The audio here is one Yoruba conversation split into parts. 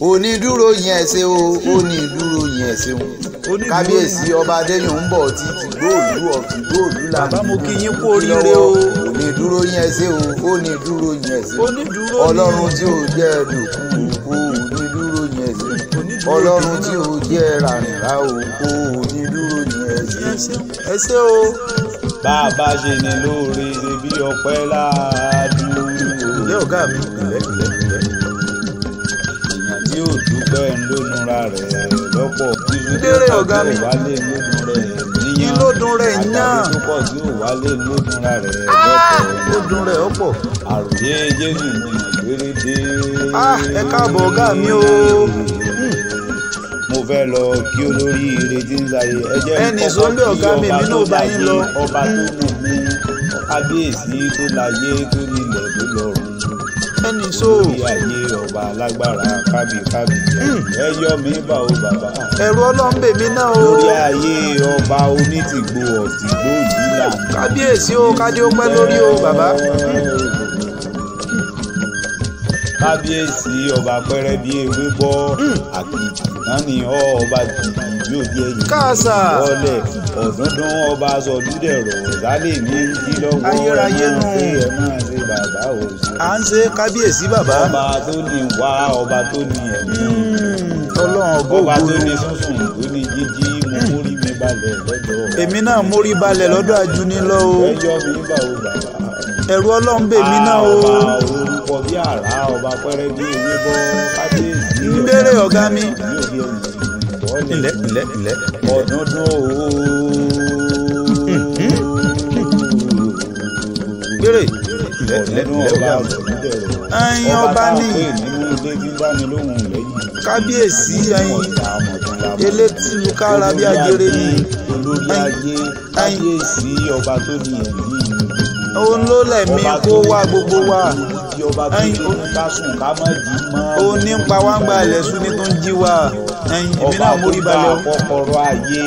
onídúró yẹn ṣe o onídúró yẹn ṣe o kábíyèsí ọba adéyìn ń bọ̀ tí tìgbóòlù ọ̀tìgbóòlù là ń dúró lọ́wọ́ onídúró yẹn ṣe o onídúró yẹn ṣe o ọlọ́run tí ò jẹ́ ẹ̀dùnkún òkú onídúró yẹn ṣe o ọlọ́run tí ò jẹ́ ràrìnrà o. onídúró yẹn ṣe o. ẹ ṣe o bá a bá ṣe ni lóore ṣe bí ọpẹ́ láàdúró. ilé ọ̀gá mi kò lẹ́kùn lẹ́kùn ọgbẹ́ ń lónúra rẹ̀ lọ́pọ̀ ìdúró ọ̀gá mi wálé lónú rẹ̀ yín lódún rẹ̀ yán àtàwọn tó pọ̀ sí òwálé lódúnra ah! rẹ̀ ọ̀pọ̀ àròyé ah! ẹ káàbọ̀ ọ̀gá mi o mo fẹ́ lọ kí olórí ìrètí ń sáyé ẹjẹ́ ìkọ́kọ́ kí ọba tó bá yín ọba tó wù mí kábíyèsí tó láyé tó sẹ́ni so. orí ayé ọba alágbára kábíkábí hmm. ẹ mi mí bá o bàbá. ẹ̀rù ọlọ́mbè mi náà o. lórí ayé ọba onítìgbò ọ̀tìgbò yìí là. kábíyèsí o kádé ó pẹ́ lórí o bàbá. kábíyèsí ọba pẹ́rẹ́ bí ewé bọ́ hmm. àkìtì náà ni ọba jìjì yóò di ẹ̀yìn. káàsà wọlé kìí ọ̀dúndún ọba sọ̀dú dẹ̀rọ̀ ọ̀dálẹ́mí ń kí lọ́wọ́ ayérayé nù pé ẹ máa ṣe bàbá òsì. à ń ṣe kábíyèsí bàbá. ọba tó ní wá ọba tó ní ẹ̀mí. Hmm, ọlọ́run ọgbọ́n ọba tó ní sísun tó ní jíjí mo mórí mi balẹ̀ lọ́dọ̀. èmi náà mórí balẹ̀ lọ́dọ̀ ajuni lọ o. ẹjọ́ mi bá o bàbá. ẹ̀rù ọlọ́run bè mí náà o. ọba orúkọ bí àrá ọba pẹ́rẹ́ bí ewébọ́ kábíyèsí. ń béèrè ọ̀gá mi pẹ̀lẹ́ pẹ̀lẹ́ pẹ̀lẹ́ ọ̀dúndún owó. gbèrè pẹ̀lẹ́ pẹ̀lẹ́ pẹ̀lẹ́ ẹ̀yin ọba ní kábíyèsí ẹ̀yin elétí lukára bí ajere ni ẹ̀yin òun ló lẹ̀mí kó wá gbogbo wa ẹ̀yin òun ní pa wá ń gba ilẹ̀ sún ní tó ń jí wa ọba tó gba kọ́kọ́rọ́ ayé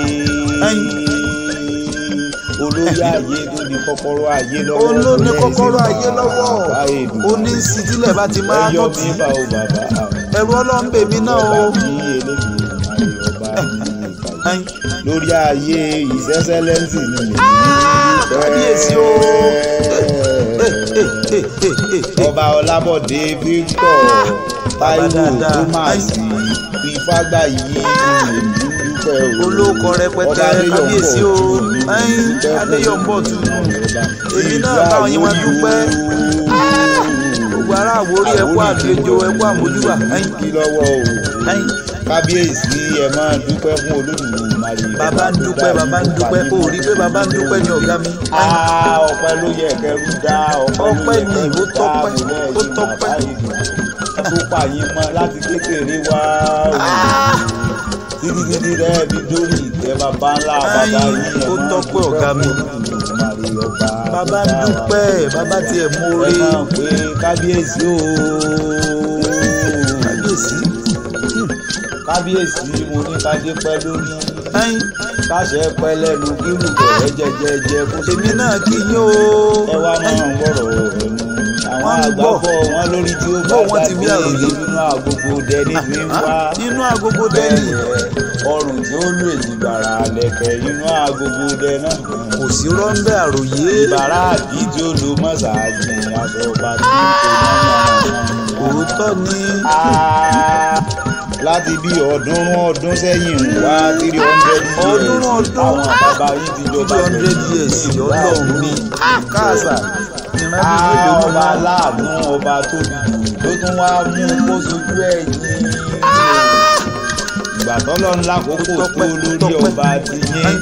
olórí ayé tó di kọ́kọ́rọ́ ayé lọ́wọ́ olórí kọ́kọ́rọ́ ayé lọ́wọ́ oní sitilẹ̀ bá ti máa tó tì ẹ̀rù ọlọ́mbèmí náà o lórí ayé ìṣẹ́ṣẹ́lẹ́sì ni èyí fẹ́. Ah, ọba ọlábọ̀dé victor taiwo thomas ìfàgbàyí ìdúpẹ́ o olóko rẹpẹtẹ kábíyèsí o adéyọ̀nbọ̀ tùnú èmi náà báwọn yín wá dúpẹ́ gbogbo ará Àwórì ẹ kú àlejò ẹ kú àmójúbà. kí lọ́wọ́ o kábíyèsí ẹ máa dúpẹ́ fún olódùmọ̀ bàbá ń dúpẹ́ bàbá ń dúpẹ́ kó o rí pé bàbá ń dúpẹ́ ní ọ̀gá mi. ọpẹ́ ló yẹ kẹrù dá ọpẹ́ ni ó tọ́pẹ́ ó tọ́pẹ́. àtúpà yín mọ láti kékeré wá títí títí ah! rẹ fi dórí ìtẹ́ bàbá ńlá bàbá yín ó tọ́pẹ́ ọ̀gá mi. bàbá ń dúpẹ́ bàbá tiẹ̀ mú orí. ẹ máa pe kábíyèsí ooo kábíyèsí kábíyèsí mo ní kájé pẹ́ lórí ẹyin káṣẹ pẹlẹnu kírù bẹrẹ jẹjẹjẹ kò tèmi náà kí yín o. ẹ wá máa ń gbọ́rọ̀ òòrùn àwọn àgbàfọ̀ wọn lórí tí ó bá dá dé nínú agogo dẹni ní wá. nínú ah, ọrùn tí ó lù èyí gbàrà lẹ̀kẹ̀ nínú agogo dẹni. kò sí rọ́ńbẹ́ àròyé. ìbára àbí tí ó lo mọ́sàájì aṣọ bàtí kò náà. òótọ́ ni. Ah láti bí ọ̀ọ́dúnrún ọdún sẹ́yìn wá three hundred years ọ̀ọ́dúnrún ọdún àwọn bàbá yìí ti jọba three hundred years ọlọ́run ní ah, káàsà ọba aláàánú ọba tóbi ló tún wá mú kó sojú ẹ̀ yín ìgbà tọ́lọ́ ńlá kókó tó lórí ọba ti yín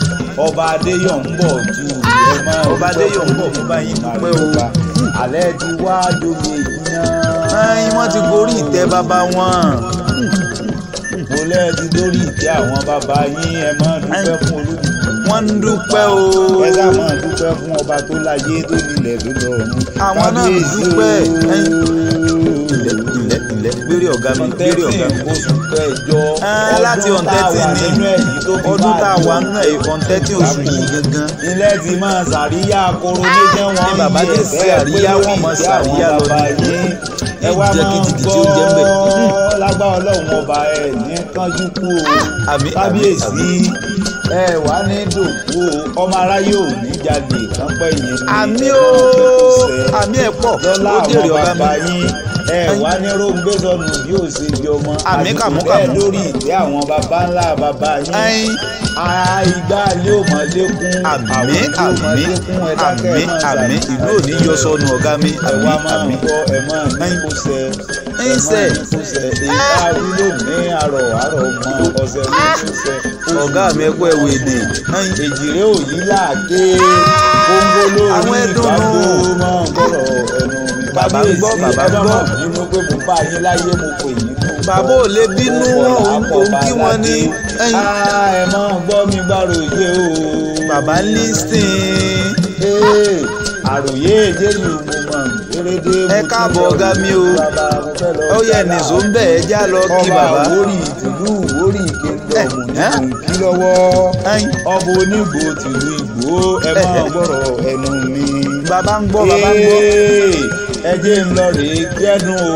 ọba adéyọ̀ ń bọ̀ ju ẹ ah! máa ọba adéyọ̀ ń bọ̀ fún báyìí dúpẹ́ o alẹ́ ti wá domi ìyàn. wọ́n ti gorí ìtẹ́ bàbá wọn ìpolẹ́ ti dórí ìtẹ́ àwọn bàbá yín ẹ máa dúpẹ́ fún olódùmarè. wọ́n ń dúpẹ́ o. ẹ sá máa dúpẹ́ fún ọba tó láyé tó nílẹ̀ tó lọ́rùn. àwọn náà dúpẹ́ ẹ̀yìn ìrọ̀lẹ́ gbére ọ̀gá mi gbére ọ̀gá mi ah, láti ọ̀ǹtẹ́tì ní ọdún tá a wà nínú ọ̀ǹtẹ́tì oṣù yìí gangan. ilé ti máa ṣàríyá akoro ní jẹ́ wọ́n ń yẹ bẹ́ẹ̀ pé wọ́n mọ̀ ṣàríyá lọ ní ẹ wá máa ń gbọ́ lágbára ọlọ́run ọba ẹ̀ ní kánjú kú o ah, kábíyèsí ẹ wà ní dòkú o ọmọ aráyé ò ní jáde lápẹ́ yìí. àmì ó àmì ẹ̀ pọ̀ ó dèrè ẹ wá ní róńgbé sọnù bí ó ṣe di ọmọ àti bẹ́ẹ̀ lórí ìtẹ́ àwọn baba ńlá baba yín àìgbá ah, lé mọ lékún àmì àmì àmì àmì ìlú òní yọ sọnù ọ̀gá mi àmì àmì ẹsẹ ah! ah! ọ̀gá mi ẹkọ ẹwẹ èdè èjìrè òyìnlá ké kóńgó lórí ìgbàgbó mọ ọgọrọ ẹnu bàbá ń gbọ́ bàbá ń gbọ́. nínú pé mo bá yín láyé mo pè yín. bàbá ò lè bínú wọn òun kí wọn ní. Ah, ẹ mọ gbọ́ mi gbàrò ìgbé o. bàbá lísìn. Eh, àròyé jésù mo mọ̀ dérédé. ẹ káàbọ̀ ọ̀gá mi o ó yẹ nìṣó ń bẹ̀ ẹ́ já lọ kí bàbá. ọba wórì tìlú wórì kéńtọ̀ eh, mò ń kí lọ́wọ́ eh. ọba onígbò tìlú ìgbò ẹ máa gbọ́rọ̀ ẹnu mi. bàbá ń gbọ́ bàbá ń gbọ́ ẹ jẹ́ ń lọ rèé gbẹ́dùn o.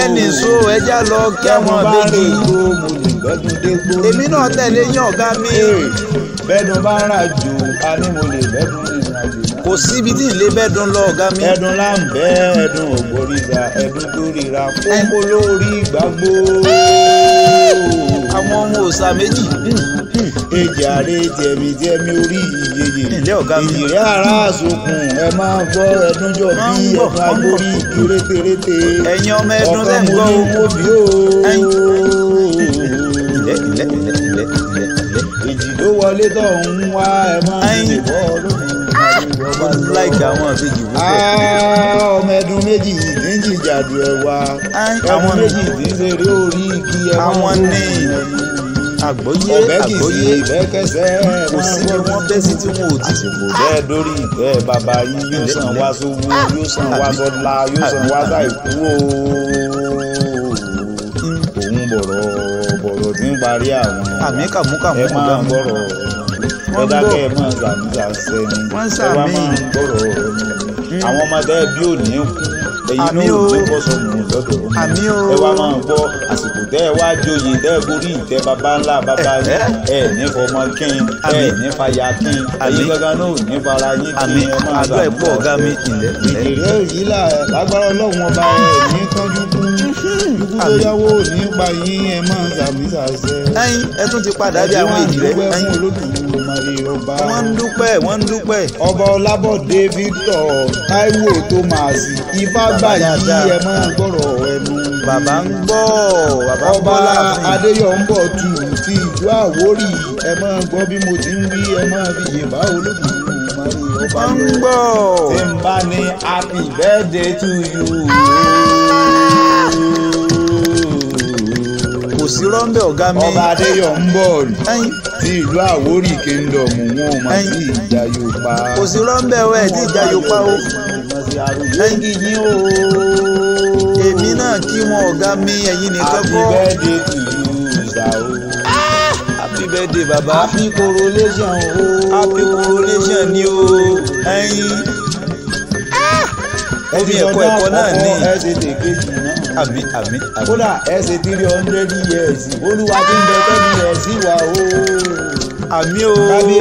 ẹnì so ẹja lọ kẹwọn bèjì. èmi náà tẹ̀lé yín ọ̀gá mi. bẹ́ẹ̀dùn bá rà jù a ní mo lè bẹ́ẹ̀dùn ìrìn àjò náà. kò síbi tí ìlé bẹ́ẹ̀dùn lọ ọ̀gá mi. ẹ̀dùn là ń bẹ́ ẹ̀dùn ògbóríga ẹ̀dùn tó ríra kókó lórí ìgbàgbó àwọn ohun òòṣà méjì. èjì àrè jẹ̀mí jẹ̀mí orí ìyeyè ìyèrè ara àsokùn ẹ máa ń gbọ́ ẹdúnjọ bí ẹ̀ka lórí igi rétérété ẹ̀yin ọmọ ẹdún lẹ́ o èjì ló wọlé tó ń wá ẹ máa ń bọ̀ lónìí láìka àwọn àbejì púpọ̀. ọmọ ẹdun méjì ní jìjàdù ẹwà ẹdun méjì tí ń ṣe eré orí igi ẹwà. àwọn ní àgbọ́yé àgbọ́yé kò sí ni wọ́n bẹ́ sí tí wọn ò ti. àsìkò bẹ́ẹ̀ dórí ìtẹ́ bàbá yín yóò sàn wá sówó ah, yóò sàn wá sọ́la yóò sàn wá sàìkú o. òun bọ̀rọ̀ bọ̀rọ̀ tí ń parí àwọn. ẹ máa ń bọ̀rọ̀ ẹ dákẹ́ ẹ máa ń sàmì ṣàṣẹ ni ẹ wá máa gbọ́rọ̀ àwọn ọmọ bẹ́ẹ̀ bí ò ní kú ẹ̀yin náà ò tó bọ́ sọ̀mù lọ́dọ̀ ẹ wá máa gbọ́ àsìkò tẹ́ ẹ wá joyè tẹ́ ẹ gorí ìtẹ́ baba ńlá baba yín ẹ ní fọmọ kín ẹ ní fàyà kín ẹ̀yin gangan náà ò ní fara yín kí ẹ máa gbà pọ̀ ọ̀gá mi ilẹ̀ ilẹ̀. ìrẹ́ yìí là lágbára ọlọ́run ọba ẹ̀ ní tọ́jú kún dúkú tó yín ẹ máa sàmì sàṣẹ. ẹ̀yin ẹ tún ti padà bí àwọn èdè rẹ wọ́n ń dúpẹ́ wọ́n ń dúpẹ́. ọba ọlábọ̀dé Victor Táíwò Thomas ifá bàbá yìí ẹ máa gbọ́rọ̀ ẹnu. bàbá ń gbọ́ bàbá ń bọ́ láàfin. ọba adéyọ̀nbọ̀ tù ti ìlú àwórì ẹ máa gbọ́ bí mo ti ń wí ẹ máa fi yèbá olóògùn ọba ń gbọ́. tí n bá ní happy birthday to you. kò sí rọ́ńbẹ́ ọ̀gá mi. ọba adéyọ̀nbọ̀ ti ìlú àwórì kingdom wọn ò máa sí ìjà yóò pa. kò sí rọ́ńbẹ́ ọ̀ẹ́ tí ìjà yóò pa o thank you o. èmi náà kí wọn ọ̀gá mi ẹ̀yin nìkan kọ́. happy birthday to you ìsàwọ̀. Ah, happy birthday baba. happy correlation o. happy correlation ni o. ẹyin. omi ah, ẹ̀kọ́ ẹ̀kọ́ náà ni. ẹ ti tẹ̀ kejì náà àmì àmì àmì. kódà ẹ ṣe three hundred years olúwa ti ń bẹ tẹ́lẹ̀ ẹ̀ sí wa ooo àmì o àmì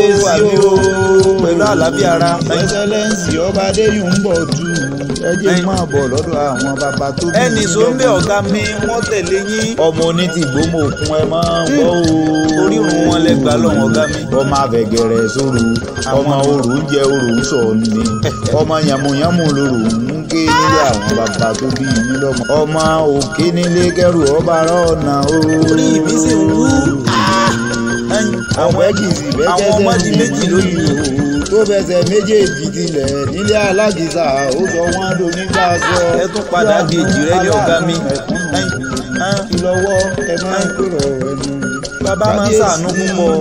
o pẹ̀lú àlàáfíà ara. ẹsẹlẹ́ǹsì ọba adéyùn ń bọ̀ dù ẹ jẹ́ máa bọ̀ lọ́dọ̀ àwọn bàbá tó bí. ẹnì tó ń ọ̀gá mi wọ́n tẹ̀lé yín. ọmọ oní ti gbómọ òkun ẹ máa ń bọ́ o. orí òun wọn lẹ gbà lọ́wọ́ ọ̀gá mi. ọmọ abẹ̀gẹ̀rẹ̀ sóru ọmọ òru ń jẹ òru ń sọ ni ọmọ yàmùyàmù lóru ń ké nílé àwọn bàbá tó bí yín lọ́mọ. ọmọ òkè nílé kẹrù ọba rọ̀ ọ̀nà o. orí mi sì àwọn ẹgìsì bẹ́tẹ́sẹ̀ méjì lójú tó fẹsẹ̀ méjèèjì tilẹ̀ nílé alágìsà ó sọ wọ́n donígbà sọ. ẹ tún padà di èjì rẹ ní ọ̀gá mi. ìlọ́wọ́ ẹ máa ń kúrò ẹnu. bàbá máa ń ṣàánú púpọ̀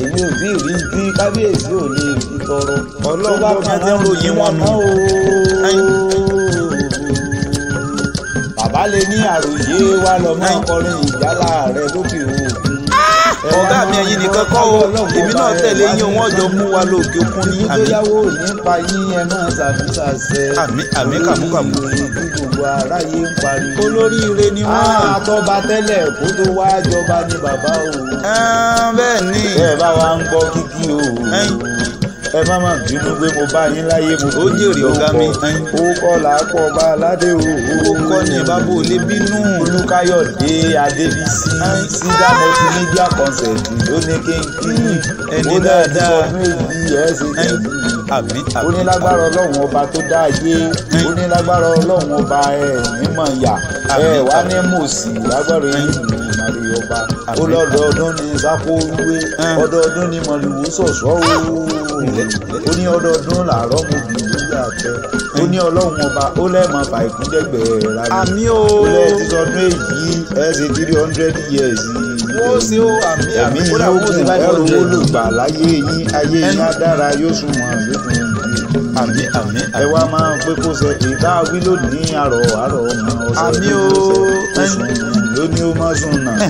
èmi ò bí rí bí kábíyèsí ò lè fi tọrọ. ọlọ́run bá bá ti ń ròyìn wọn nù. bàbá lè ní àròyé wa lọ mọ ọkọrin ìjálá rẹ lókè òkun ọ̀gá mi ẹ̀yin nìkan kọ́ o èmi náà tẹ̀lé yín wọ́n jọ mú wa lókè òkun ní àmì. ìgbéyàwó nípa yín ẹ máa ṣàmúṣàṣẹ. àmì àmì kàmúkàmú. gbogbo aráyé ń pariwo. olóríire ni wọ́n. àtọ́ba tẹ́lẹ̀ kó tó wá jọba ni bàbá o. bẹ́ẹ̀ ni. ẹ bá wa ń gbọ́ kíkí o ẹ má má bínú pé mo bá yín láyé mo fi ó jèrè ọ̀gá mi. ó kọ́ làápọ̀ bá aládé o. ó kọ́ ní bábò lè bínú. olùkáyọ̀dé adébísí sí dámọ́tì mídíà kọ́nsẹ̀tì ló ní kéńkéń ẹni dáadáa àbí àbí. onílágbára ọlọ́run ọba tó dá ayé onílágbára ọlọ́run ọba ẹ̀ mímọ̀ yà ẹ̀ wá ní mòsì lágbára yìí màrí ọba ó lọ́dọọdún ní sákóruwé ọdọọdún ní mọ̀lúwú sọ̀sọ́ o ó ní ọdọọdún làárọ̀ mọ̀lúwú sílẹ̀ àtẹ ó ní ọlọ́run ọba ó lẹ́ẹ̀mọ́ bá ìkúndẹ̀gbẹ̀ rà ó lẹ́ẹ̀ ti sọdún èyí ẹ̀ three hundred years wọ́n ṣe ó àmì àmì kódà wọ́n ṣe báyìí ọ̀rọ̀ owó ló láyé yín ayé yín á yóò sunwọ̀n yóò yín àmì àmì ẹ wá máa ń pé kó ṣe ìta wí lónìí àrọ̀ àrọ̀ ọmọ ọ̀sẹ̀ àmì ó sunwọ̀n lónìí ó má sùn náà.